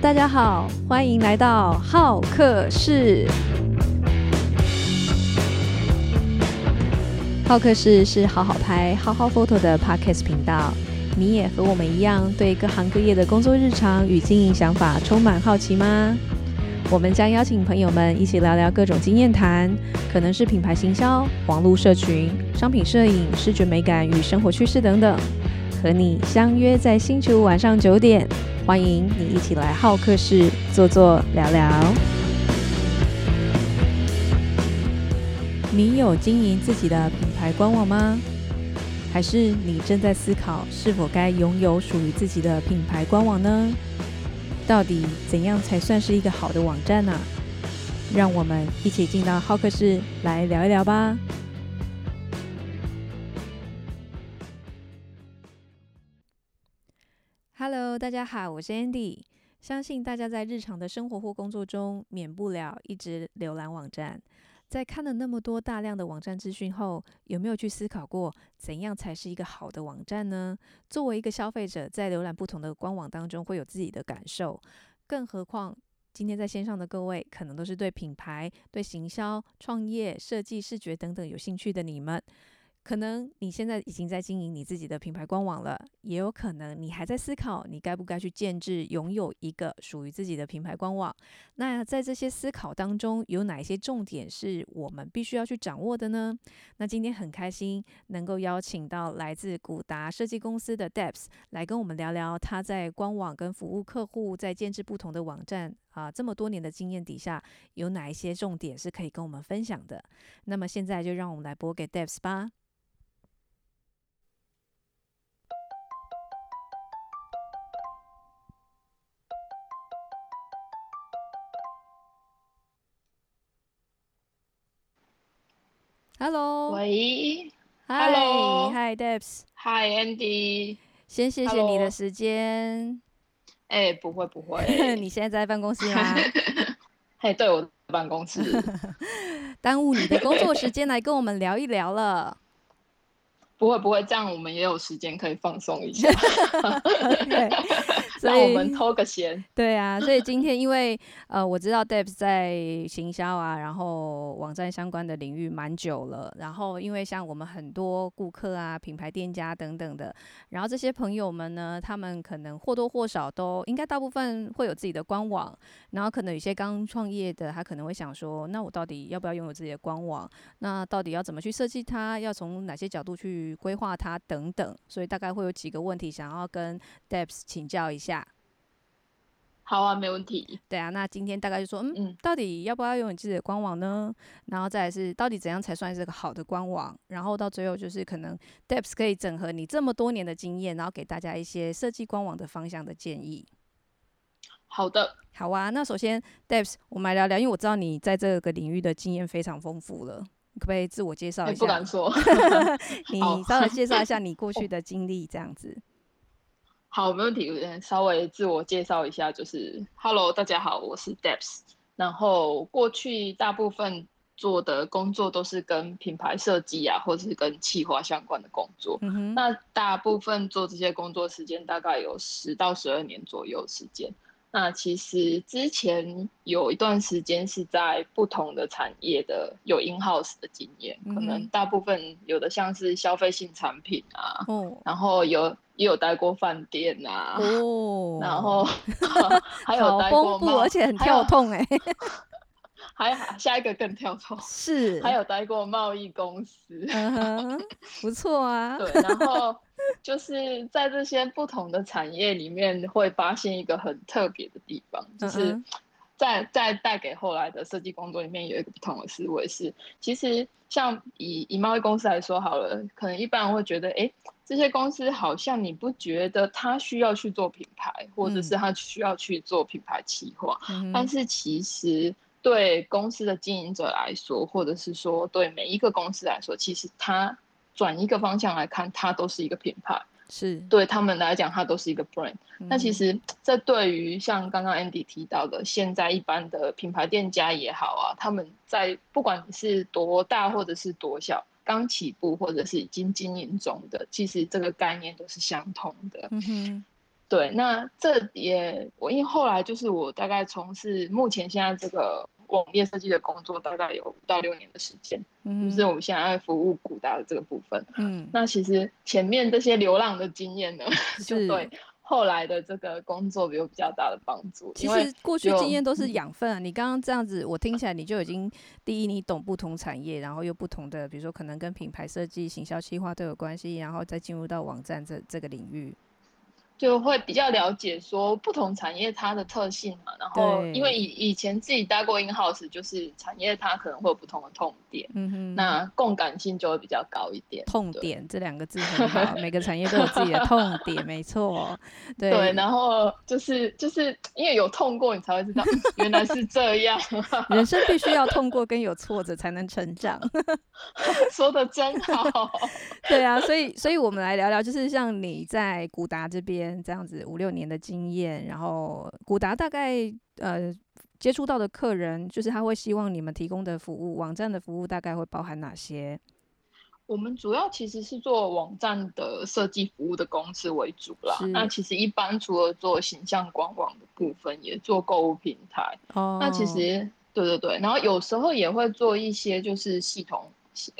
大家好，歡迎來到好客室。好客室是好好拍、好好 photo 的 Podcast 頻道。你也和我們一樣對各行各業的工作日常與經營想法充滿好奇嗎？我們將邀請朋友們一起聊聊各種經驗談，可能是品牌行銷、網絡社群、商品攝影、視覺美感與生活趨勢等等。和你相約在星期五晚上九點，歡迎你一起來浩客室坐坐聊聊。你有經營自己的品牌官網嗎？還是你正在思考是否該擁有屬於自己的品牌官網呢？到底怎樣才算是一個好的網站呢？啊，讓我們一起進到浩客室來聊一聊吧。Hello，大家好，我是 Andy。相信大家在日常的生活或工作中，免不了一直瀏覽網站。在看了那麼多大量的網站資訊後，有沒有去思考過，怎樣才是一個好的網站呢？作為一個消費者，在瀏覽不同的官網當中，會有自己的感受。更何況，今天在線上的各位，可能都是對品牌、對行銷、創業、設計、視覺等等有興趣的你們。可能你現在已經在經營你自己的品牌官網了，也有可能你還在思考你該不該去建置擁有一個屬於自己的品牌官網。那在這些思考當中，有哪些重點是我們必須要去掌握的呢？那今天很開心能夠邀請到來自古達設計公司的 Depps 來跟我們聊聊他在官網跟服務客戶在建置不同的網站。啊，這麼多年的經驗底下，有哪一些重點是可以跟我們分享的？那麼現在就讓我們來播給 Depps 吧。喂？Hi, Hello，喂，Hello，Hi Depps，Hi, Andy，先謝謝你的時間。哎、欸，不會不會， 你現在在辦公室嗎？嘿，對，我辦公室， 耽誤你的工作時間來跟我們聊一聊了。不會不會，這樣我們也有時間可以放鬆一下。 Okay. 讓我們偷個閒，對啊，所以今天因為呃，我知道 Depps 在行銷啊，然後網站相關的領域蠻久了，然後因為像我們很多顧客啊、品牌店家等等的，然後這些朋友們呢，他們可能或多或少都應該大部分會有自己的官網，然後可能有些剛創業的，他可能會想說，那我到底要不要擁有自己的官網？那到底要怎麼去設計它？要從哪些角度去規劃它等等？所以大概會有幾個問題想要跟 Depps 請教一下。好啊，沒問題。對啊，那今天大概就說，嗯，到底要不要用你自己的官網呢？嗯、然後再來是到底怎樣才算是個好的官網？然後到最後就是可能 Depps 可以整合你這麼多年的經驗，然後給大家一些設計官網的方向的建議。好的。好啊，那首先 Depps 我們來聊聊，因為我知道你在這個領域的經驗非常豐富了，可不可以自我介紹一下？欸、不敢說。好。 稍微介紹一下你過去的經歷，哦、這樣子。好，沒問題。嗯，稍微自我介紹一下，就是 Hello，大家好，我是 Depps，然後過去大部分做的工作都是跟品牌設計啊，或是跟企劃相關的工作。嗯、哼那大部分做這些工作時間大概有十到十二年左右的時間。那其實之前有一段時間是在不同的產業的有 In House 的經驗，嗯、可能大部分有的像是消費性產品啊，嗯、然後有。也有待過飯店吶、啊，oh. 然後還有待過 好豐富，還有而且很跳痛哎、欸， 還下一個更跳痛，是還有待過貿易公司，uh、huh, 不錯啊。對，然後 就是在這些不同的產業裡面，會發現一個很特別的地方，uh huh. 就是在在帶給後來的設計工作裡面有一個不同的思維，是其實像以以貿易公司來說好了，可能一般人會覺得哎。欸這些公司好像你不覺得他需要去做品牌，或者是他需要去做品牌企劃？嗯、但是其實對公司的經營者來說，或者是說對每一個公司來說，其實他轉一個方向來看，它都是一個品牌，是對他們來講，它都是一個 brand。嗯、那其實這對於像剛剛 Andy 提到的，現在一般的品牌店家也好啊，他們在不管是多大或者是多小。剛起步或者是已經經營中的，其實這個概念都是相同的。嗯、哼對，那這也我因為後來就是我大概從事目前現在這個網頁設計的工作，大概有五到六年的時間，嗯、就是我們現在服務古達的這個部分。嗯，那其實前面這些流浪的經驗呢，是 就對。後來的這個工作有比，比較大的幫助。其實過去經驗都是養分啊。嗯，你剛剛這樣子，我聽起來你就已經第一，你懂不同產業，然後又不同的，比如說可能跟品牌設計、行銷企劃都有關係，然後再進入到網站這這個領域。就會比較了解說不同產業它的特性嘛，對然後因為以以前自己待過 in-house 就是產業它可能會有不同的痛點，嗯、哼那共感性就會比較高一點。痛點對這兩個字很好， 每個產業都有自己的痛點， 沒錯，哦。對，對，然後就是就是因為有痛過，你才會知道原來是這樣。 人生必須要痛過跟有挫折才能成長， 說得真好。 對啊，所以所以我們來聊聊，就是像你在古達這邊。這樣子五六年的經驗，然後古達大概呃接觸到的客人，就是他會希望你們提供的服務，網站的服務大概會包含哪些？我們主要其實是做網站的設計服務的公司為主啦。是那其實一般除了做形象官網的部分，也做購物平台。哦，oh. 那其實對對對，然後有時候也會做一些就是系統、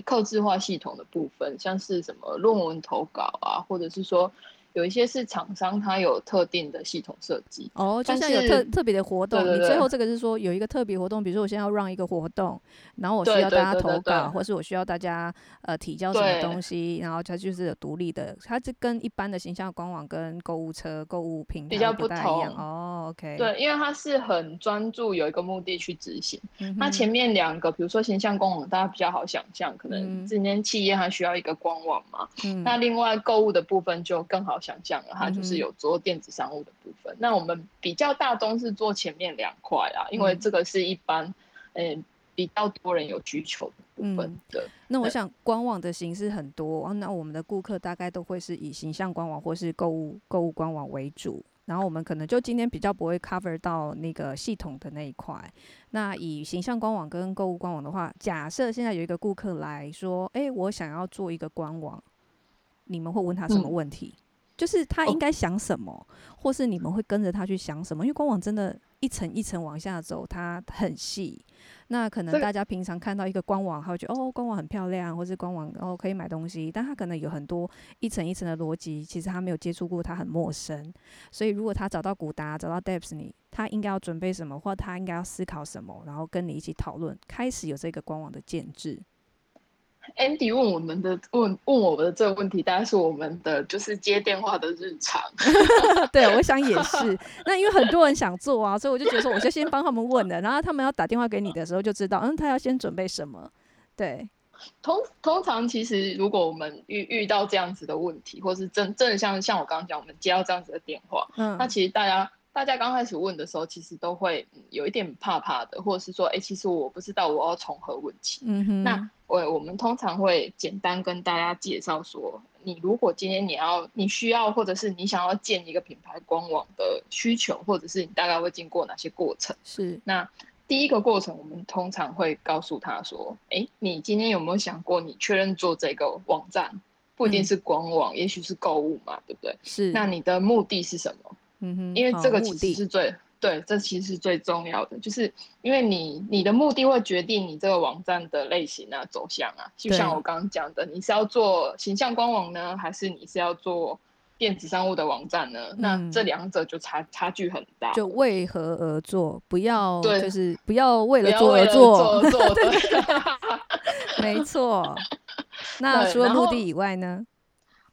客制化系統的部分，像是什麼論文投稿啊，或者是說。有一些是廠商他有特定的系統設計哦，就像有特是特別的活動，對對對你最後這個是說，有一個特別活動，比如說我現在要 run 一個活動，然後我需要大家投稿，或是我需要大家呃提交什麼東西，對然後它就是有獨立的，它是跟一般的形象官網跟購物車購物平台比較不同哦。OK，對，因為它是很專注有一個目的去執行。嗯、哼那前面兩個，比如說形象官網，大家比較好想象，嗯、可能今天企業它需要一個官網嘛，嗯、那另外購物的部分就更好。我想象了哈，就是有做電子商務的部分。啊嗯、那我們比較大宗是做前面兩塊啊，因為這個是一般，嗯、欸，比較多人有需求的部分的。對，那我想對官網的形式很多，啊、那我們的顧客大概都會是以形象官網或是購物購物官網為主。然後我們可能就今天比較不會 cover 到那個系統的那一塊。那以形象官網跟購物官網的話，假設現在有一個顧客來說，哎、欸，我想要做一個官網，你們會問他什麼問題？嗯就是他應該想什麼，oh. 或是你們會跟着他去想什麼？因為官網真的一層一層往下走，它很細。那可能大家平常看到一個官網，他會覺得哦，官網很漂亮，或是官網哦可以買東西。但他可能有很多一層一層的邏輯，其實他沒有接觸過，他很陌生。所以如果他找到古達，找到 Depps，你他應該要準備什麼，或他應該要思考什麼，然後跟你一起討論，開始有這個官網的建置。Andy 問我們的問問我們的這個問題，當然是我們的就是接電話的日常。 對，我想也是。 那因為很多人想做啊，所以我就覺得說，我就先幫他們問了，然後他們要打電話給你的時候，就知道，嗯，他要先準備什麼。對，通通常其實如果我們遇遇到這樣子的問題，或是真正像像我剛剛講，我們接到這樣子的電話，嗯，那其實大家。大家剛開始問的時候，其實都會有一點怕怕的，或者是說，誒、欸，其實我不知道我要從何問起。嗯哼，那我、欸、我們通常會簡單跟大家介紹說，你如果今天你要你需要或者是你想要建一個品牌官網的需求，或者是你大概會經過哪些過程？是那第一個過程，我們通常會告訴他說，誒、欸，你今天有沒有想過，你確認做這個網站，不一定是官網，嗯、也許是購物嘛，對不對？是那你的目的是什麼？嗯哼，因為這個其實是最、哦、對，這其實是最重要的，就是因為你你的目的會決定你這個網站的類型啊、走向啊。就像我剛剛講的，對你是要做形象官網呢，還是你是要做電子商務的網站呢？嗯、那這兩者就差差距很大。就為何而做？不要就是不要為了做而做。對， 沒錯。那除了目的以外呢？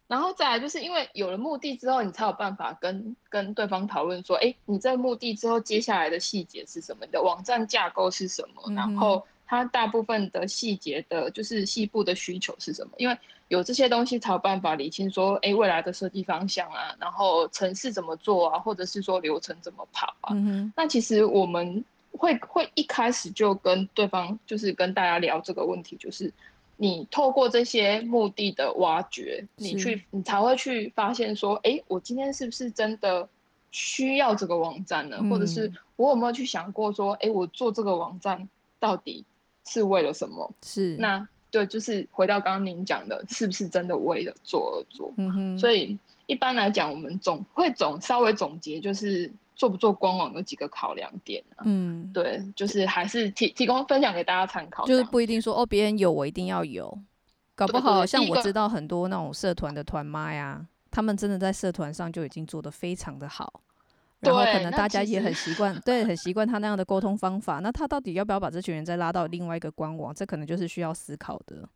然後再來就是因為有了目的之後，你才有辦法跟跟對方討論說，哎，你這個目的之後接下來的細節是什麼？你的網站架構是什麼？嗯、哼然後它大部分的細節的，就是細部的需求是什麼？因為有這些東西，才有辦法理清說，哎，未來的設計方向啊，然後程式怎麼做啊，或者是說流程怎麼跑啊？嗯、哼那其實我們會會一開始就跟對方，就是跟大家聊這個問題，就是。你透過這些目的的挖掘，是你去，你才會去發現說，哎、欸，我今天是不是真的需要這個網站呢？嗯、或者是我有沒有去想過說，哎、欸，我做這個網站到底是為了什麼？是，那對，就是回到剛剛您講的，是不是真的為了做而做？嗯、哼所以一般來講，我們總會總稍微總結就是，做不做官網有幾個考量點啊，嗯，對，就是還是提提供，分享給大家參考，就是不一定說哦，別人有我一定要有，搞不好像我知道很多那種社團的團媽呀，他們真的在社團上就已經做得非常的好，然後可能大家也很習慣，對，對，很習慣他那樣的溝通方法， 那他到底要不要把這群人再拉到另外一個官網，這可能就是需要思考的。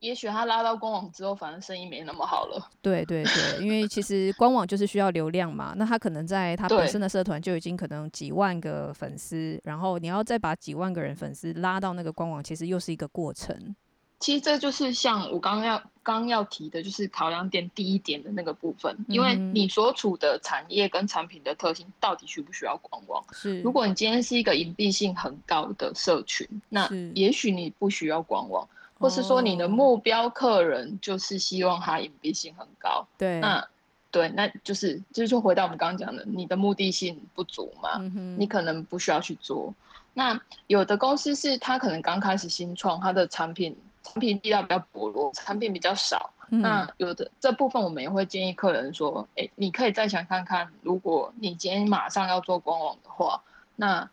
也許他拉到官網之後，反正生意沒那麼好了。對對對，因為其實官網就是需要流量嘛。 那他可能在他本身的社團就已經可能幾萬個粉絲，對然後你要再把幾萬個人粉絲拉到那個官網，其實又是一個過程。其實這就是像我剛剛要剛要提的，就是考量點第一點的那個部分，因為你所處的產業跟產品的特性到底需不需要官網？是，如果你今天是一個隱蔽性很高的社群，那也許你不需要官網。或是說你的目標客人就是希望他隱蔽性很高，對，那對，那就是就是說回到我們剛剛講的，你的目的性不足嘛，嗯、哼你可能不需要去做。那有的公司是他可能剛開始新創，他的產品產品力量比較薄弱，產品比較少。嗯、哼那有的這部分我們也會建議客人說，欸，你可以再想看看，如果你今天馬上要做官網的話，那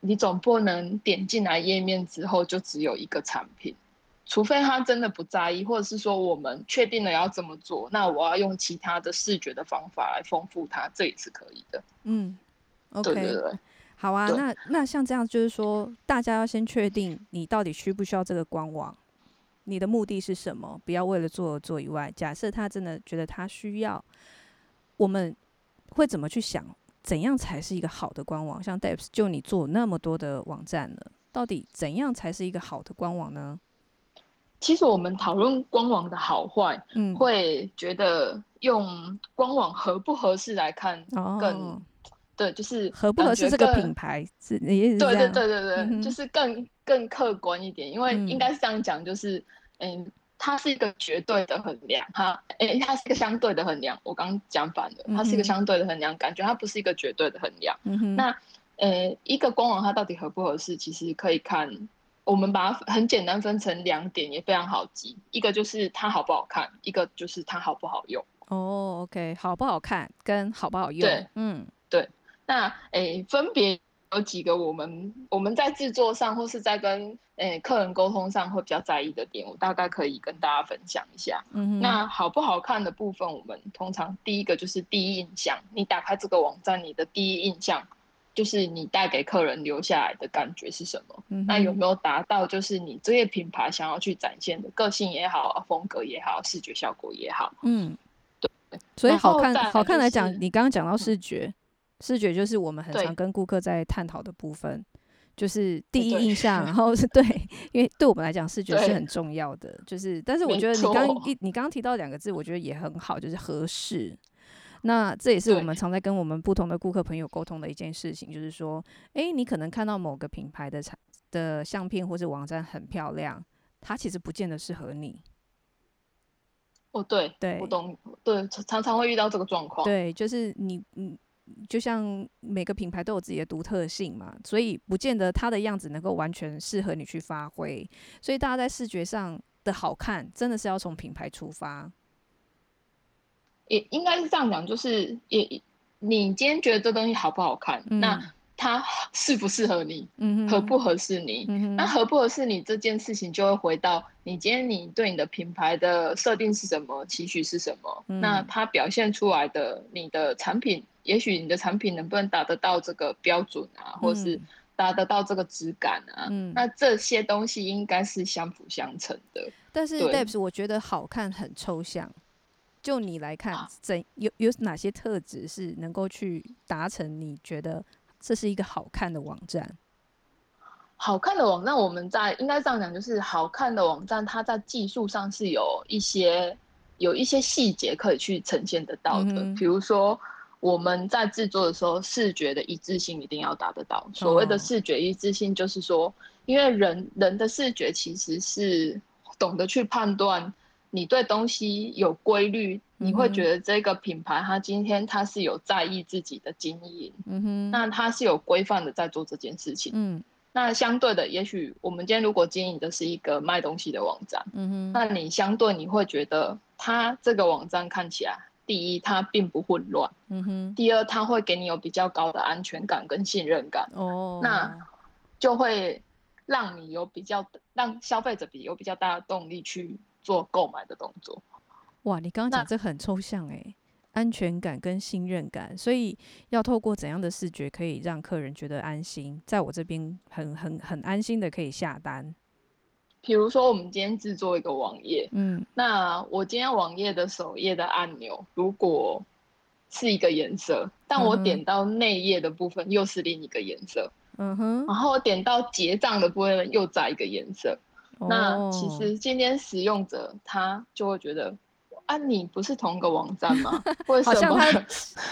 你總不能點進來頁面之後就只有一個產品。除非他真的不在意，或者是說我們確定了要怎麼做，那我要用其他的視覺的方法來豐富它，這也是可以的。嗯，OK，對對對，好啊。對那那像這樣，就是說大家要先確定你到底需不需要這個官網，你的目的是什麼？不要為了做而做以外。假設他真的覺得他需要，我們會怎麼去想？怎樣才是一個好的官網？像 Depps，就你做那麼多的網站了，到底怎樣才是一個好的官網呢？其實我們討論官網的好壞，嗯，會覺得用官網合不合適來看更，哦、對，就是合不合適這個品牌對更對對對對，嗯、哼就是更更客觀一點，因為應該是這樣講，就是嗯，它是一個絕對的衡量，哈，哎，它是一個相對的衡量。我剛剛講反了，它是一個相對的衡量，感覺它不是一個絕對的衡量。嗯、哼那呃、欸，一個官網它到底合不合適，其實可以看。我們把它很簡單分成兩點，也非常好記。一個就是它好不好看，一個就是它好不好用。哦，OK，好不好看跟好不好用，對，嗯，對。那誒，分別有幾個我們我們在制作上或是在跟誒客人溝通上會比較在意的點，我大概可以跟大家分享一下。嗯哼。那好不好看的部分，我們通常第一個就是第一印象。你打開這個網站，你的第一印象。就是你帶給客人留下來的感覺是什麼？嗯、哼那有沒有達到，就是你這些品牌想要去展現的個性也好、風格也好、視覺效果也好？嗯，對。所以好看，就是，好看來講，你剛剛講到視覺，嗯、視覺就是我們很常跟顧客在探討的部分，對就是第一印象。對然後是對，因為對我們來講，視覺是很重要的。對就是，但是我覺得你剛錯你剛剛提到兩個字，我覺得也很好，就是合適。那這也是我們常在跟我們不同的顧客朋友溝通的一件事情，對就是說，哎，你可能看到某個品牌的產的相片或者網站很漂亮，它其實不見得適合你。哦，對，對，我懂，對，常常會遇到這個狀況。對，就是你，嗯，就像每個品牌都有自己的獨特性嘛，所以不見得它的樣子能夠完全適合你去發揮。所以大家在視覺上的好看，真的是要從品牌出發。也應該是這樣講，就是也你今天覺得這東西好不好看，嗯、那它適不適合你，嗯、哼合不合適你？嗯、哼那合不合適你這件事情，就會回到你今天你對你的品牌的設定是什麼，期許是什麼？嗯、那它表現出來的你的產品，也許你的產品能不能達得到這個標準啊，嗯、或是達得到這個質感啊？嗯、那這些東西應該是相輔相成的。但是 Depps, 對。我覺得好看很抽象。就你來看，怎有有哪些特質是能夠去達成？你覺得這是一個好看的網站？好看的網站，我們在應該這樣講，就是好看的網站，它在技術上是有一些有一些細節可以去呈現得到的。嗯哼。比如說我們在制作的時候，視覺的一致性一定要達得到。所謂的視覺一致性，就是說，因為人人的視覺其實是懂得去判斷。你對東西有規律，你會覺得這個品牌，嗯哼，它今天它是有在意自己的經營，嗯哼，那它是有規範的在做這件事情，嗯，那相對的，也許我們今天如果經營的是一個賣東西的網站，嗯哼，那你相對你會覺得它這個網站看起來，第一它並不混亂，嗯哼，第二它會給你有比較高的安全感跟信任感，哦，那就會讓你有比較讓消費者比有比較大的動力去。做購買的動作，哇！你剛剛講這很抽象誒。那，安全感跟信任感，所以要透過怎樣的視覺可以讓客人覺得安心，在我這邊很很很安心的可以下單。比如說我們今天制作一個網頁，嗯，那我今天網頁的首頁的按鈕如果是一個顏色，但我點到內頁的部分又是另一個顏色，嗯哼，然後我點到結賬的部分又再一個顏色。嗯哼那其實今天使用者他就會覺得，oh. 啊，你不是同一個網站嗎？或者是 什麼？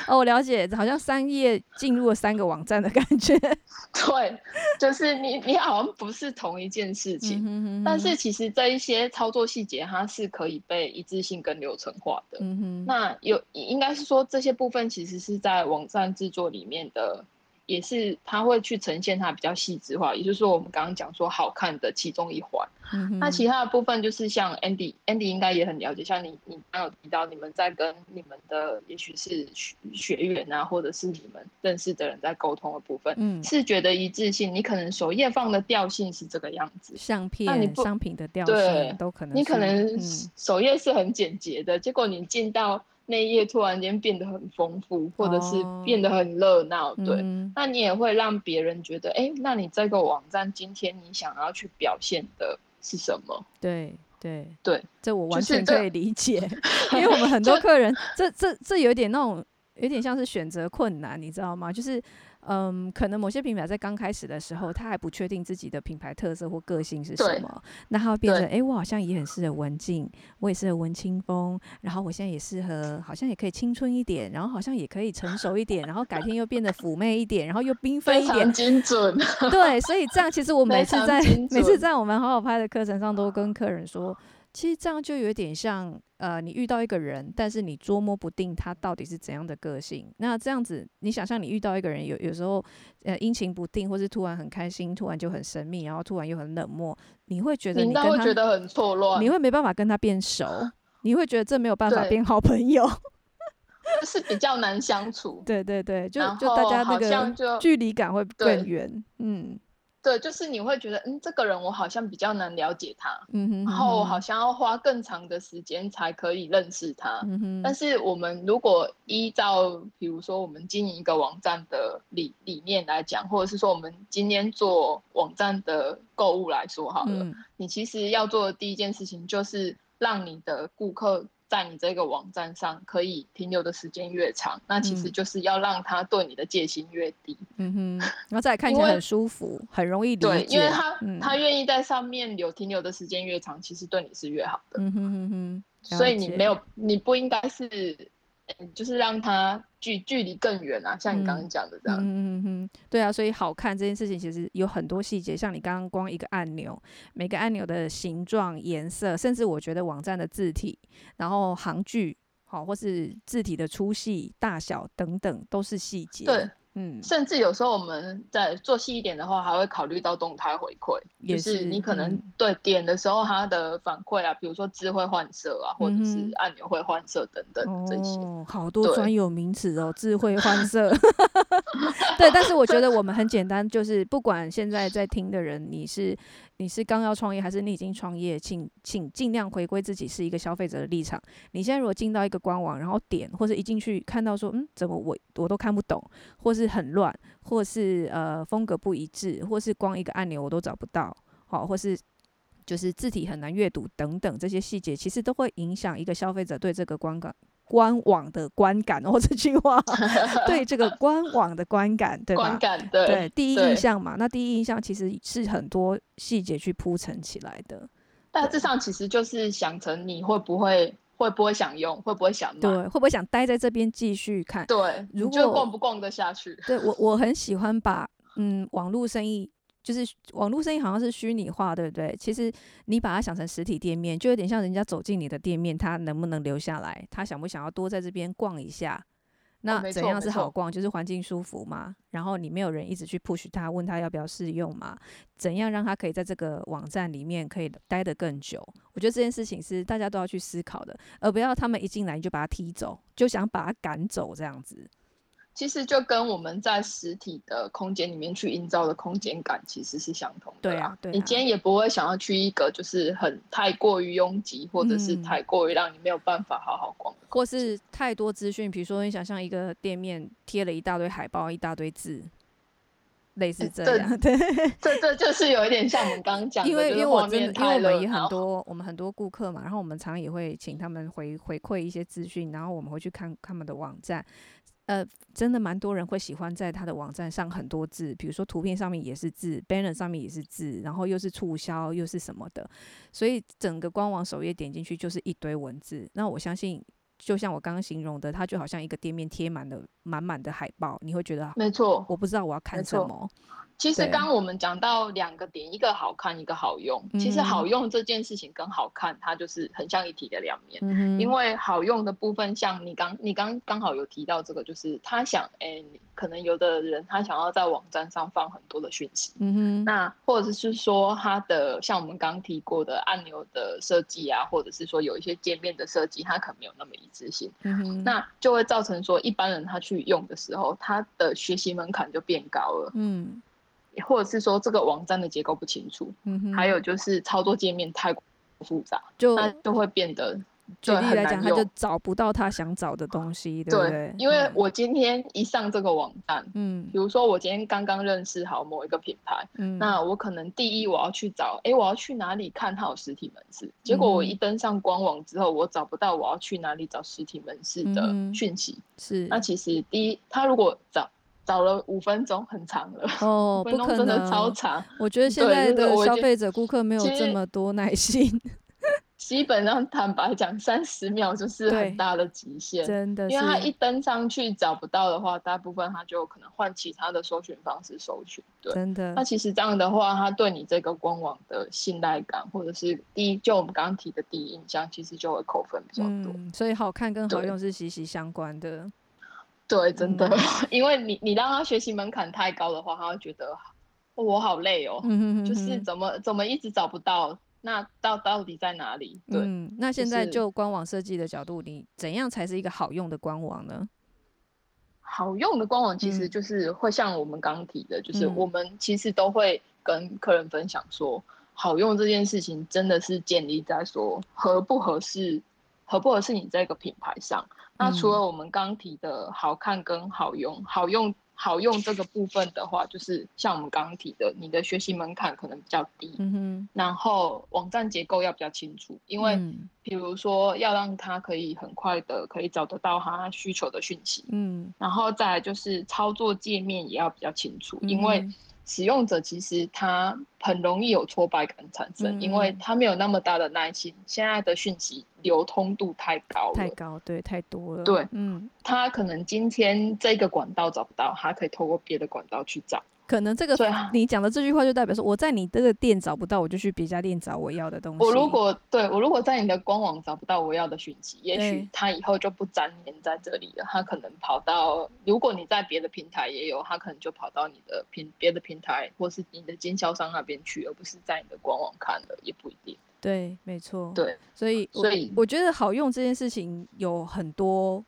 哦，我了解，好像三頁進入了三個網站的感覺。 對，就是你你好像不是同一件事情， 嗯、哼哼哼，但是其實這一些操作細節它是可以被一致性跟流程化的。嗯、哼那有應該是說這些部分其實是在網站制作裡面的。也是，它會去呈現它比較細致化，也就是說，我們剛剛講說好看的其中一環。嗯、哼那其他的部分就是像 Andy，Andy 應該也很了解，像你，你剛有提到你們在跟你們的，也許是學,學員啊，或者是你們認識的人在溝通的部分，視、嗯、覺的一致性，你可能首頁放的調性是這個樣子，相片商品的調性對都可能是，你可能首頁是很簡潔的，嗯、結果你進到。那頁突然間變得很豐富，或者是變得很熱鬧，哦、對，嗯、那你也會讓別人覺得，哎、欸，那你這個網站今天你想要去表現的是什麼？對，對，對，這我完全可以理解，因為我們很多客人， 就這、這、這有點那種，有點像是選擇困難，你知道嗎？就是。嗯，可能某些品牌在剛開始的時候，他還不確定自己的品牌特色或個性是什麼？那他對變成哎對，我好像也很適合文靜，我也適合文青風，然後我現在也適合，好像也可以青春一點，然後好像也可以成熟一點， 然後改天又變得嫵媚一點，然後又繽紛一點，精準。 對，所以這樣其實我每次在每次在我們好好拍的課程上都跟客人說。其實這樣就有點像，呃，你遇到一個人，但是你捉摸不定，他到底是怎樣的個性。那這樣子，你想象你遇到一個人，有有時候，呃，陰晴不定，或是突然很開心，突然就很神秘，然後突然又很冷漠，你會覺得你跟他你會覺得很錯亂，你會沒辦法跟他變熟，嗯、你會覺得這沒有辦法變好朋友，對 是比較難相處。對對對，就後就大家那個距離感會更遠，嗯。對，就是你會覺得，嗯，這個人我好像比較難了解他，嗯哼嗯哼，然後好像要花更長的時間才可以認識他。嗯、哼但是我們如果依照，比如說我們經營一個網站的理理念來講，或者是說我們今天做網站的購物來說好了，嗯、你其實要做的第一件事情就是讓你的顧客。在你這個網站上，可以停留的時間越長，那其實就是要讓他對你的戒心越低。嗯哼，然後再來看起來很舒服， 會很容易理解，對，因為他、嗯、他願意在上面留停留的時間越長，其實對你是越好的。嗯哼哼哼，所以你沒有，解你不應該是。就是讓它距距離更遠啊，像你剛剛講的這樣。嗯嗯嗯，對啊，所以好看這件事情其實有很多細節，像你剛剛光一個按鈕，每個按鈕的形狀、顏色，甚至我覺得網站的字體，然後行距，好，或是字體的粗細、大小等等，都是細節。對。嗯，甚至有時候我們在做細一點的話，還會考慮到動態回饋，也是，就是你可能對點的時候，它的反饋啊，嗯、比如說智慧換色啊，嗯、哼或者是按鈕會換色等等這些，哦、好多專有名詞哦，對智慧換色。 對，但是我覺得我們很簡單， 就是不管現在在聽的人，你是。你是剛要創業，還是你已經創業？請請盡量回歸自己是一個消費者的立場。你現在如果進到一個官網，然後點或者一進去看到說，嗯，怎麼我我都看不懂，或是很亂，或是呃風格不一致，或是光一個按鈕我都找不到，好、哦，或是就是字體很難閱讀等等這些細節，其實都會影響一個消費者對這個觀感。官網的觀感哦，這句話， 對這個官網的觀感，對吧？觀感，對，對，第一印象嘛，對那第一印象其實是很多細節去鋪陳起來的。大致上其實就是想成你會不會會不會想用，會不會想對，會不會想待在這邊繼續看？對，如果你就逛不逛得下去？對，我我很喜歡把嗯網路生意。就是網絡生意好像是虛擬化，對不對？其實你把它想成實體店面，就有點像人家走進你的店面，他能不能留下來？他想不想要多在這邊逛一下？那怎樣是好逛？就是環境舒服嘛，然後你沒有人一直去 push 他，問他要不要試用嘛？怎樣讓他可以在這個網站裡面可以待得更久？我覺得這件事情是大家都要去思考的，而不要他們一進來就把他踢走，就想把他趕走這樣子。其實就跟我們在實體的空間裡面去營造的空間感其實是相同的。啊對啊。對啊，你今天也不會想要去一個就是很太過於擁擠，或者是太過於讓你沒有辦法好好逛，嗯，或是太多資訊。比如說，你想像一個店面貼了一大堆海報、一大堆字，類似這樣。欸、對，這這 對就是有一點像我們剛剛講的，因為因為我們因為也很多後我們很多顧客嘛，然後我們常也會請他們回回饋一些資訊，然後我們回去看他們的網站。呃，真的蠻多人會喜歡在他的網站上很多字，比如說圖片上面也是字，banner 上面也是字，然後又是促銷，又是什麼的，所以整個官網首頁點進去就是一堆文字。那我相信，就像我剛剛形容的，它就好像一個店面貼滿了滿滿的海報，你會覺得沒錯，我不知道我要看什麼。其實剛我們講到兩個點，一個好看，一個好用。其實好用這件事情跟好看，它就是很像一體的兩面。因為好用的部分，像你剛你剛剛好有提到這個，就是他想、欸，可能有的人他想要在網站上放很多的訊息，那或者是說他的像我們剛提過的按鈕的設計啊，或者是說有一些界面的設計，他可能沒有那麼一致性，那就會造成說一般人他去用的時候，他的學習門檻就變高了，嗯。或者是說這個網站的結構不清楚，還有就是操作界面太複雜，就都會變得對很難用，就找不到他想找的東西，對不對？因為，我今天一上這個網站，嗯，比如說我今天剛剛認識好某一個品牌，嗯，那我可能第一我要去找，哎，我要去哪裡看他有實體門市？結果我一登上官網之後，我找不到我要去哪裡找實體門市的訊息，是。那其實第一，他如果找。找了五分鐘，很長了。哦、oh,，不可能，超長對。我覺得現在的消費者顧客沒有這麼多耐心。基本上，坦白講，三十秒就是很大的極限，真的是。因為他一登上去找不到的話，大部分他就可能換其他的搜尋方式搜尋。對，真的。那其實這樣的話，他對你這個官網的信賴感，或者是第一，就我們剛剛提的第一印象，其實就會扣分比較多，嗯。所以好看跟好用是息息相關的。對，真的，嗯、因為你你讓他學習門檻太高的話，他會覺得、哦、我好累哦，嗯、哼哼哼就是怎麼怎麼一直找不到那到到底在哪裡？對，嗯、那現在就官網設計的角度，你、就是、怎樣才是一個好用的官網呢？好用的官網其實就是會像我們剛提的，嗯、就是我們其實都會跟客人分享說，嗯、好用這件事情真的是建立在說合不合適，合不合適你這個品牌上。那除了我們剛提的好看跟好用，嗯、好用好用這個部分的話，就是像我們剛提的，你的學習門檻可能比較低，嗯、哼然後網站結構要比較清楚，因為比如說要讓他可以很快的可以找得到他需求的訊息，嗯、然後再來就是操作界面也要比較清楚，嗯、因為。使用者其實他很容易有挫敗感產生，嗯，因為他沒有那麼大的耐心。現在的訊息流通度太高了，太高，對，太多了。對，嗯，他可能今天這個管道找不到，他可以透過別的管道去找。可能這個，你講的這句話就代表說，我在你這個店找不到，我就去別家店找我要的東西。我如果，對，我如果在你的官網找不到我要的訊息，對也許他以後就不粘連在這裡了。他可能跑到，如果你在別的平台也有，他可能就跑到你的平別的平台，或是你的經銷商那邊去，而不是在你的官網看了，也不一定。對，沒錯。對，所以所以我，我覺得好用這件事情有很多。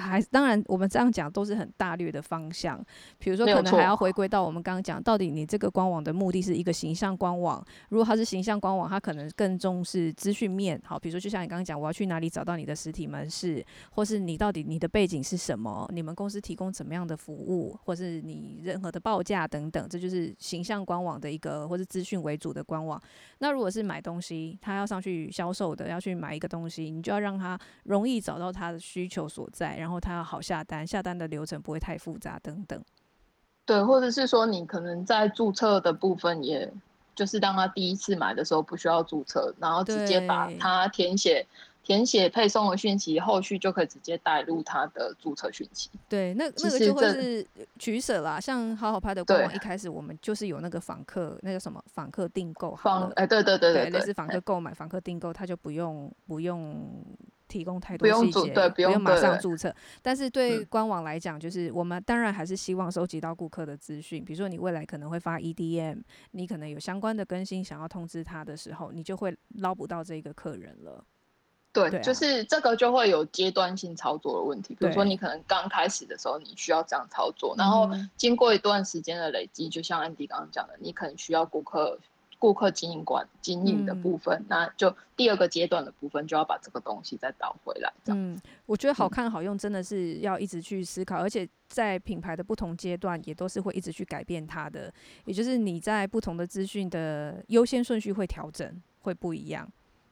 還當然，我們這樣講都是很大略的方向。比如說，可能還要回歸到我們剛剛講，到底你這個官網的目的是一個形象官網。如果它是形象官網，它可能更重視資訊面。好，比如說就像你剛剛講，我要去哪裡找到你的實體門市，或是你到底你的背景是什麼？你們公司提供怎麼樣的服務，或是你任何的報價等等，這就是形象官網的一個，或是資訊為主的官網。那如果是買東西，他要上去銷售的，要去買一個東西，你就要讓他容易找到他的需求所在。然後他要好下單，下單的流程不會太複雜等等。對，或者是說你可能在註冊的部分，也就是當他第一次買的時候不需要註冊，然後直接把他填寫對填寫配送的訊息，後續就可以直接帶入他的註冊訊息。對，那那個就會是取捨啦。像好好拍的官網對一開始我們就是有那個訪客，那個什麼訪客訂購訪，哎對對，對對對對，類似訪客購買訪、哎、客訂購，他就不用不用。提供太多細節，不用，不用馬上注冊。對但是對官網來講，嗯、就是我們當然還是希望收集到顧客的資訊。比如說你未來可能會發 EDM，你可能有相關的更新想要通知他的時候，你就會撈不到這個客人了。對，對啊、就是這個就會有階段性操作的問題。比如說你可能剛開始的時候你需要這樣操作，對然後經過一段時間的累積，就像安迪剛剛講的，你可能需要顧客。顧客經營管經營的部分，嗯、那就第二個階段的部分，就要把這個東西再倒回來。這樣、嗯，我覺得好看好用真的是要一直去思考，嗯、而且在品牌的不同階段也都是會一直去改變它的，也就是你在不同的資訊的優先順序會調整，會不一樣。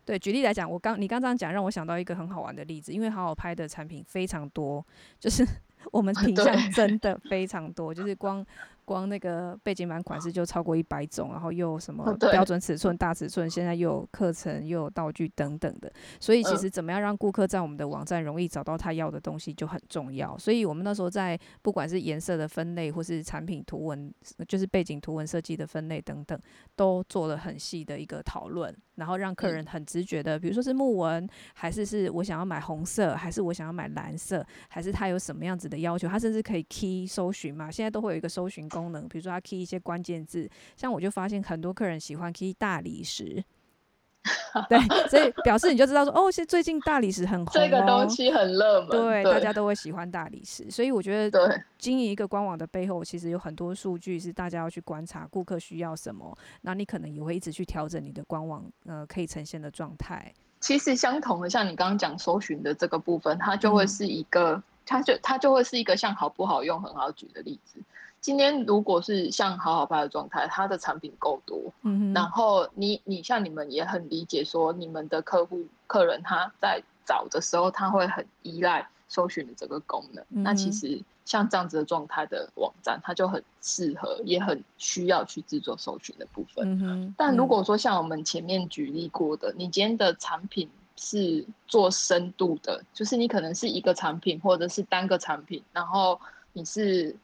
對，舉例來講，我剛你剛剛講，讓我想到一個很好玩的例子，因為好好拍的產品非常多，就是我們品項真的非常多，對 就是光。 光那個背景板款式就超過一百種，然後又有什麼標準尺寸、大尺寸，現在又有課程、又有道具等等的，所以其實怎麼樣讓顧客在我們的網站容易找到他要的東西就很重要。所以我們那時候在不管是顏色的分類，或是產品圖文，就是背景圖文設計的分類等等，都做了很細的一個討論，然後讓客人很直覺的，比如說是木紋，還是是我想要買紅色，還是我想要買藍色，還是他有什麼樣子的要求，他甚至可以 Key 搜尋嘛，現在都會有一個搜尋工功能，比如說他 key 一些關鍵字，像我就發現很多客人喜歡 key 大理石，對，所以表示你就知道說，哦，現在最近大理石很紅，哦，這個東西很熱門，對，對大家都會喜歡大理石，所以我覺得，經營一個官網的背後，其實有很多數據是大家要去觀察，顧客需要什麼，那你可能也會一直去調整你的官網，呃，可以呈現的狀態。其實相同的，像你剛剛講搜尋的這個部分，它就會是一個，嗯、它就它就會是一個像好不好用很好舉的例子。今天如果是像好好拍的狀態，它的產品夠多，嗯哼，然後你你像你們也很理解說，你們的客戶客人他在找的時候，他會很依賴搜尋的這個功能。嗯、哼那其實像這樣子的狀態的網站，它就很適合，也很需要去製作搜尋的部分。嗯嗯、但如果說像我們前面舉例過的，你今天的產品是做深度的，就是你可能是一個產品或者是單個產品，然後你是。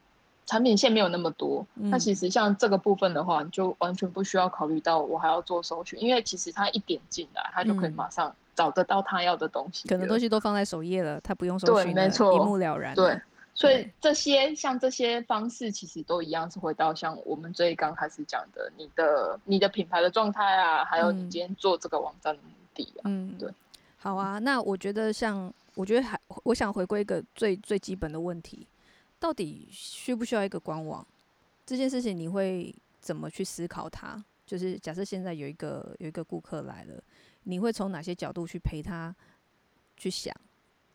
產品線沒有那麼多，嗯、那其實像這個部分的話，你就完全不需要考慮到我還要做搜尋，因為其實他一點進來，他就可以馬上找得到他要的東西，嗯。可能東西都放在首頁了，他不用搜尋。沒錯，一目了然了。對，所以這些對像這些方式，其實都一樣是回到像我們最剛開始講的，你的你的品牌的狀態啊，還有你今天做這個網站的目的啊。嗯，對。好啊，那我覺得像，我覺得還，我想回歸一個最最基本的問題。到底需不需要一個官網？這件事情你會怎麼去思考它？它就是假設現在有一個有一個顧客來了，你會從哪些角度去陪他去想？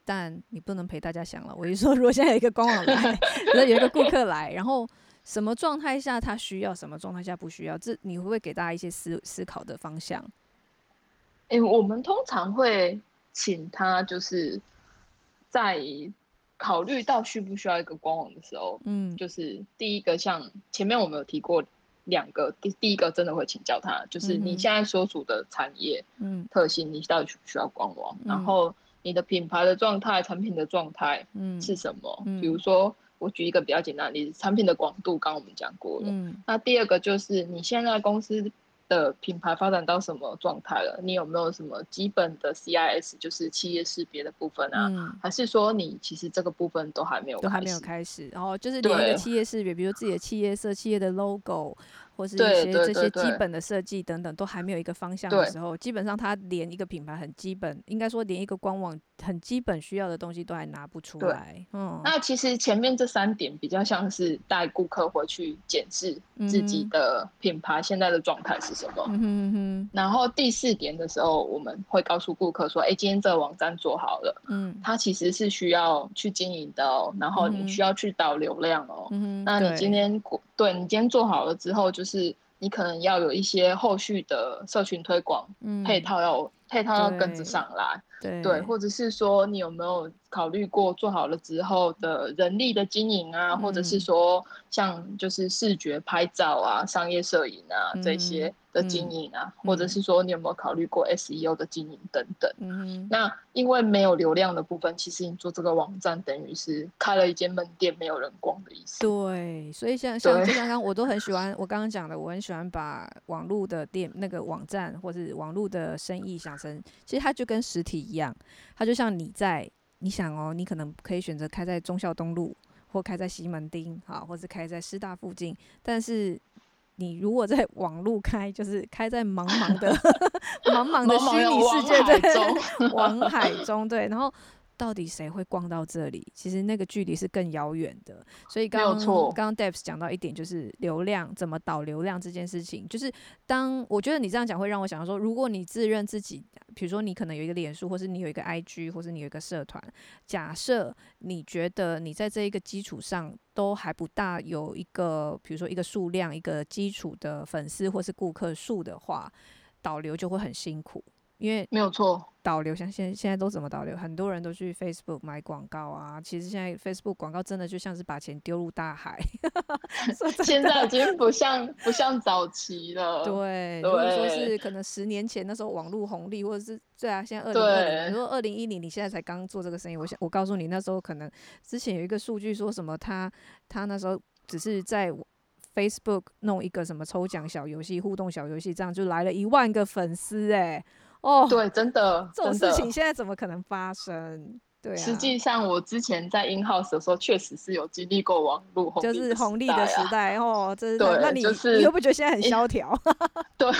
但你不能陪大家想了。我是說，如果現在有一個官網來， 有一個顧客來，然後什麼狀態下他需要，什麼狀態下不需要？這你會不會給大家一些思思考的方向？誒、欸，我們通常會請他，就是在。考慮到需不需要一個官網的時候，嗯，就是第一個，像前面我們有提過兩個，第第一個真的會請教他，就是你現在所屬的產業，嗯，特性，你到底需不需要官網？嗯，然後你的品牌的狀態、產品的狀態是什麼？嗯嗯，比如說我舉一個比較簡單的，你產品的廣度，剛剛我們講過了，嗯，那第二個就是你現在公司，的品牌發展到什麼狀態了？你有沒有什麼基本的 CIS，就是企業識別的部分啊？嗯、還是說你其實這個部分都還沒有開始，都還沒有開始？然後、哦、就是連一個企業識別，對比如自己的企業色、企業的 logo，或是一些這些基本的設計等等，對對對對，都還沒有一個方向的時候，對對對對，基本上它連一個品牌很基本，對應該說連一個官網很基本需要的東西都還拿不出來。對嗯。那其實前面這三點比較像是帶顧客回去檢視自己的品牌現在的狀態是什麼。嗯哼嗯哼嗯，然後第四點的時候，我們會告訴顧客說：“誒，今天這個網站做好了，嗯，它其實是需要去經營的哦，然後你需要去導流量哦。嗯哼嗯那你今天過。”對，你今天做好了之後，就是你可能要有一些後續的社群推廣、嗯、配套要，要配套要跟着上來，對，對，或者是說你有沒有？考慮過做好了之後的人力的經營啊，嗯、或者是說像就是視覺拍照啊、商業攝影啊、嗯、這些的經營啊，嗯嗯、或者是說你有沒有考慮過 SEO 的經營等等？嗯、那因為沒有流量的部分，其實你做這個網站等於是開了一間門店，沒有人逛的意思。對，所以像像剛剛我都很喜歡 我剛剛講的，我很喜歡把網路的店那個網站或者是網路的生意想成，其實它就跟實體一樣，它就像你在。你想哦，你可能可以選擇開在忠孝東路，或開在西門町，好，或是開在師大附近。但是，你如果在網路開，就是開在茫茫的 茫茫的虛擬世界中，網海中，對，然後。到底誰會逛到這裡？其實那個距離是更遙遠的。所以剛剛剛 Depps 講到一點，就是流量怎麼導流量這件事情，就是當我覺得你這樣講會讓我想到說，如果你自認自己，比如說你可能有一個臉書，或是你有一個 IG，或是你有一個社團，假設你覺得你在這一個基礎上都還不大有一個，比如說一個數量、一個基礎的粉絲或是顧客數的話，導流就會很辛苦。因為沒有錯，導流像現在現在都怎麼導流？很多人都去 Facebook 買廣告啊。其實現在 Facebook 廣告真的就像是把錢丟入大海。 的現在已經不像不像早期了。對，你對說是可能十年前那時候網絡紅利，或者是對啊，現在二零對二零。如果二零一零，你現在才剛做這個生意，我想我告訴你，那時候可能之前有一個數據說什麼他，他他那時候只是在 Facebook 弄一個什麼抽獎小遊戲、互動小遊戲，這樣就來了一萬個粉絲、欸，哎。哦，對，真的，這種事情現在怎麼可能發生？對，的實際上我之前在 InHouse 的時候，確實是有經歷過網絡，就是紅利的時代，啊，哦，這是對。那你，就是，你又不覺得現在很蕭條？一 對，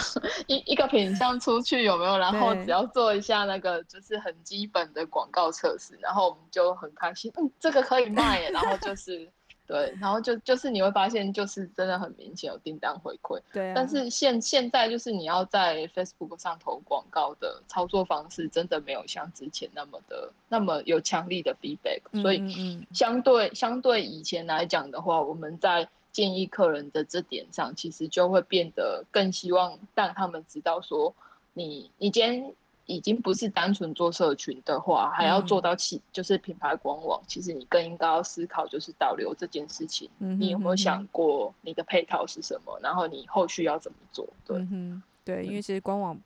一一,一個品項，出去有沒有？然後只要做一下那個就是很基本的廣告測試，然後我們就很開心，嗯，這個可以賣耶，然後就是。 對，然後就就是你會發現，就是真的很明顯有訂單回饋。對、啊，但是現現在就是你要在 Facebook 上投廣告的操作方式，真的沒有像之前那麼的那麼有強力的 feedback、嗯嗯嗯。所以，相對相對以前來講的話，我們在建議客人的這點上，其實就會變得更希望讓他們知道說你，你你今天。已經不是單純做社群的話，還要做到其、嗯、就是品牌官網，其實你更應該要思考就是導流這件事情。嗯哼嗯哼，你有沒有想過你的配套是什麼？然後你後續要怎麼做？對，嗯、對，因為其實官網。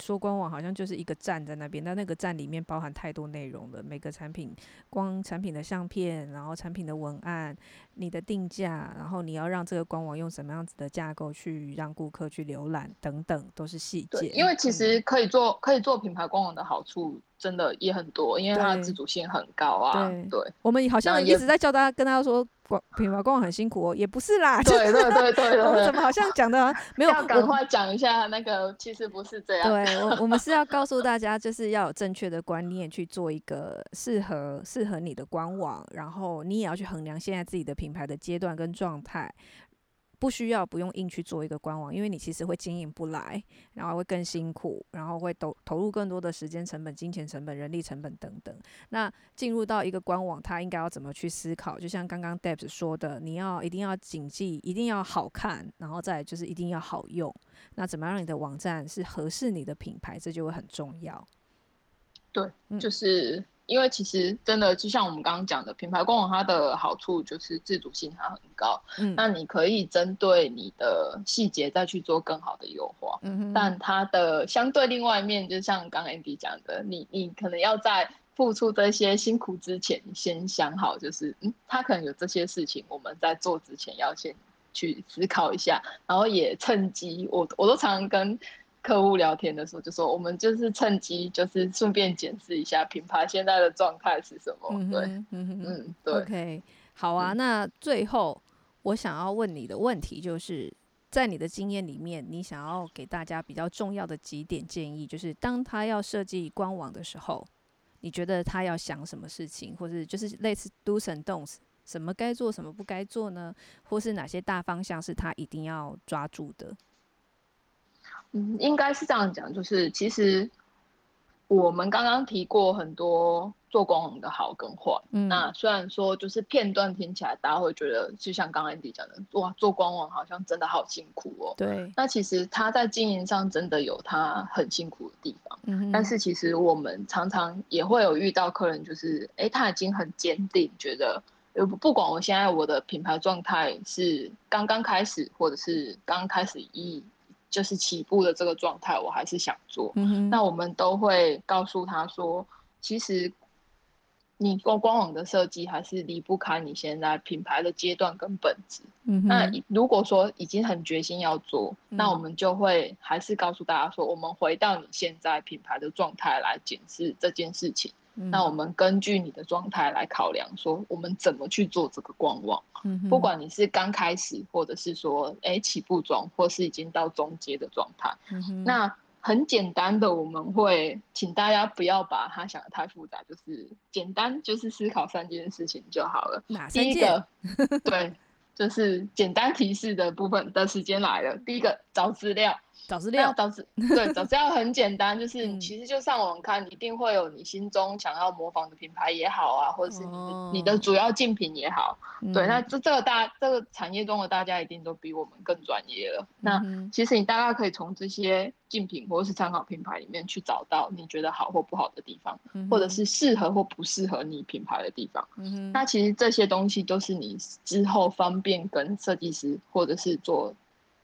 說官網好像就是一個站在那邊，但那、那個站裡面包含太多內容了。每個產品光產品的相片，然後產品的文案，你的定價，然後你要讓這個官網用什麼樣子的架構去讓顧客去瀏覽，等等，都是細節。對，因為其實可以做，嗯、可以做品牌官網的好處真的也很多，因為它的自主性很高啊。對，對我們好像一直在教大家跟大家說，品牌官網很辛苦。哦，也不是啦。對對、對對對對對，我們、哦、怎麼好像講的、啊、沒有？要趕 快講一下，那個其實不是這樣。 對，我我們是要告訴大家，就是要有正確的觀念去做一個適合適合你的官網，然後你也要去衡量現在自己的品牌的階段跟狀態。不需要，不用硬去做一個官網，因為你其實會經營不來，然後會更辛苦，然後會投投入更多的時間成本、金錢成本、人力成本等等。那進入到一個官網，它應該要怎麼去思考？就像剛剛 Depps 說的，你要一定要謹記，一定要好看，然後再就是一定要好用。那怎麼樣讓你的網站是合適你的品牌，這就會很重要。對，就是。嗯因為其實真的，就像我們剛剛講的，品牌官網它的好處就是自主性它很高，嗯，那你可以針對你的細節再去做更好的優化，嗯哼，但它的相對另外一面，就像剛剛 Andy 講的，你你可能要在付出這些辛苦之前，先想好，就是嗯，他可能有這些事情，我們在做之前要先去思考一下，然後也趁機，我我都常跟。客戶聊天的時候就說，我們就是趁機，就是順便檢視一下品牌現在的狀態是什麼。對，嗯嗯，嗯，對。OK，好啊。嗯、那最後我想要問你的問題，就是在你的經驗裡面，你想要給大家比較重要的幾點建議，就是當他要設計官網的時候，你覺得他要想什麼事情，或是就是類似 do's and don'ts，什麼該做，什麼不該做呢？或是哪些大方向是他一定要抓住的？嗯，應該是這樣講，就是其實我們剛剛提過很多做官網的好跟壞。嗯，那雖然說就是片段聽起來，大家會覺得就像剛剛 Andy 講的，哇，做官網好像真的好辛苦哦。對。那其實他在經營上真的有他很辛苦的地方。嗯。但是其實我們常常也會有遇到客人，就是哎、欸，他已經很堅定，覺得不不管我現在我的品牌狀態是剛剛開始，或者是剛開始一。就是起步的這個狀態，我還是想做。嗯哼。那我們都會告訴他說，其實你做官網的設計還是離不開你現在品牌的階段跟本質。嗯哼。那如果說已經很決心要做，嗯哼。那我們就會還是告訴大家說，我們回到你現在品牌的狀態來檢視這件事情。那我們根據你的狀態來考量，說我們怎麼去做這個官網。嗯、哼不管你是剛開始，或者是說，哎、欸，起步中，或是已經到中階的狀態。嗯、哼那很簡單的，我們會請大家不要把它想得太複雜，就是簡單，就是思考三件事情就好了。哪三件？第一個，對，就是簡單提示的部分的時間來了。 第一個，找資料。找資料，找資 對，找資料很簡單，就是你其實就上網看，一定會有你心中想要模仿的品牌也好啊，或者是你的，你的主要競品也好。對，那這這個大這個產業中的大家一定都比我們更專業了。嗯、哼那其實你大概可以從這些競品或者是參考品牌裡面去找到你覺得好或不好的地方，嗯、哼或者是適合或不適合你品牌的地方。嗯、哼那其實這些東西都是你之後方便跟設計師或者是做。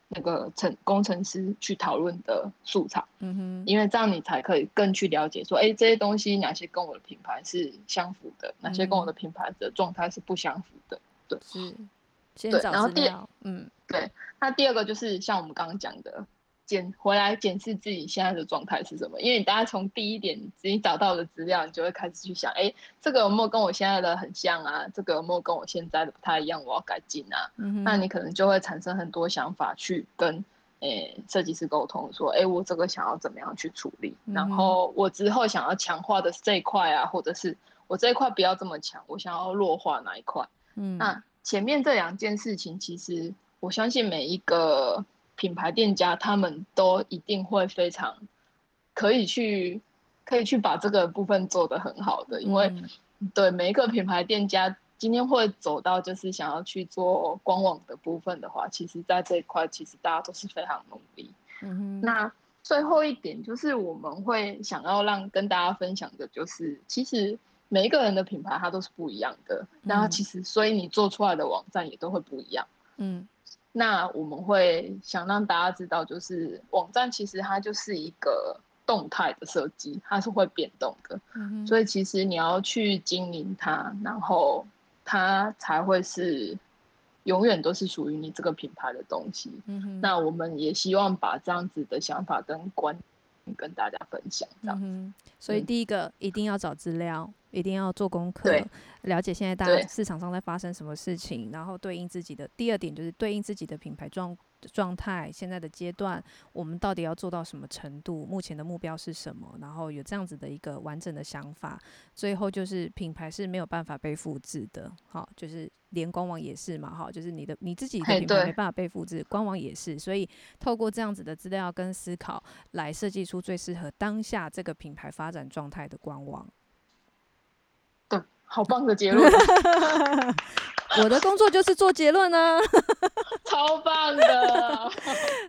那個成工程師去討論的素材，嗯哼，因為這樣你才可以更去了解說，哎、欸，這些東西哪些跟我的品牌是相符的，嗯、哪些跟我的品牌的狀態是不相符的，對，是，對，然後第二，嗯，對，那第二個就是像我們剛剛講的。檢回來檢視自己現在的狀態是什麼，因為你大概從第一點你自己找到的資料，你就會開始去想，哎、欸，這個有沒有跟我現在的很像啊？這個有沒有跟我現在的不太一樣？我要改進啊。嗯哼，那你可能就會產生很多想法去跟，誒、欸，設計師溝通說，哎、欸，我這個想要怎麼樣去處理？嗯、哼然後我之後想要強化的是這一塊啊，或者是我這一塊不要這麼強，我想要弱化哪一塊？嗯。那前面這兩件事情，其實我相信每一個。品牌店家他們都一定會非常可以去可以去把這個部分做得很好的，嗯、因為對每一個品牌店家今天會走到就是想要去做官網的部分的話，其實，在這一塊其實大家都是非常努力。嗯哼。那最後一點就是我們會想要讓跟大家分享的就是，其實每一個人的品牌它都是不一樣的，然後、嗯、其實所以你做出來的網站也都會不一樣。嗯。那我們會想讓大家知道，就是網站其實它就是一個動態的設計，它是會變動的。嗯、哼所以其實你要去經營它，然後它才會是永遠都是屬於你這個品牌的東西。嗯、哼那我們也希望把這樣子的想法跟觀。跟大家分享，這樣，嗯，所以第一個、嗯、一定要找資料，一定要做功課，對了解現在大家市場上在發生什麼事情，對然後對應自己的。第二點就是對應自己的品牌狀況。狀態，現在的階段，我們到底要做到什麼程度？目前的目標是什麼？然後有這樣子的一個完整的想法。最後就是品牌是沒有辦法被複製的，好，就是連官網也是嘛，好，就是你的你自己的品牌沒辦法被複製，官網也是。所以透過這樣子的資料跟思考來設計出最適合當下這個品牌發展狀態的官網。好棒的結論！ 我的工作就是做結論呢、啊，超棒的。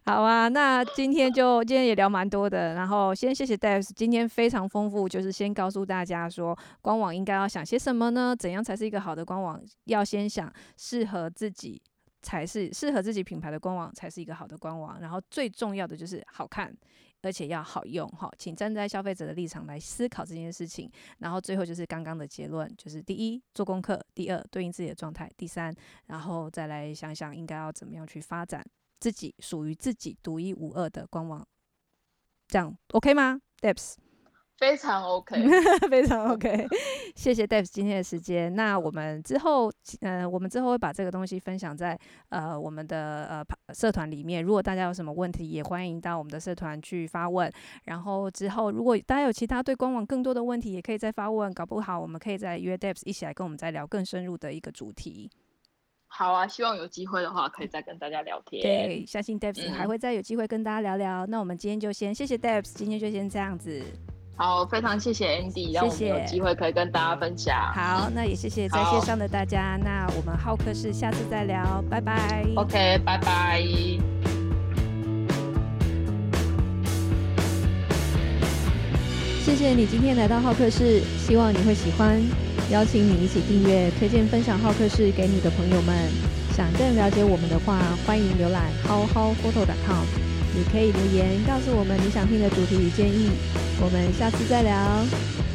好啊，那今天就今天也聊蠻多的。然後先謝謝 Depps，今天非常豐富，就是先告訴大家說，官網應該要想些什麼呢？怎樣才是一個好的官網？要先想適合自己才是適合自己品牌的官網才是一個好的官網。然後最重要的就是好看。而且要好用哈，請站在消費者的立場來思考這件事情。然後最後就是剛剛的結論，就是第一做功課，第二對應自己的狀態，第三，然後再來想想應該要怎麼樣去發展自己屬於自己獨一無二的官網，這樣 OK 嗎？Depps 非常 OK， 非常 OK，謝謝 Depps 今天的時間。那我們之後，嗯、呃，我們之後會把這個東西分享在呃我們的呃社團裡面。如果大家有什麼問題，也歡迎到我們的社團去發問。然後之後，如果大家有其他對官網更多的問題，也可以再發問。搞不好，我們可以再約 Depps 一起來跟我們再聊更深入的一個主題。好啊，希望有機會的話，可以再跟大家聊天。對，okay, 相信 Depps 還會再有機會跟大家聊聊。嗯、那我們今天就先謝謝 Depps，今天就先這樣子。好，非常謝謝 Andy，讓我們有機會可以跟大家分享，謝謝。好，那也謝謝在線上的大家，好那我們好課室，下次再聊，拜拜。OK，拜拜。謝謝你今天來到好課室，希望你會喜歡，邀請你一起訂閱、推薦、分享好課室給你的朋友們。想更了解我們的話，歡迎瀏覽 howhowphoto.com。你可以留言告訴我們你想聽的主題與建議，我們下次再聊。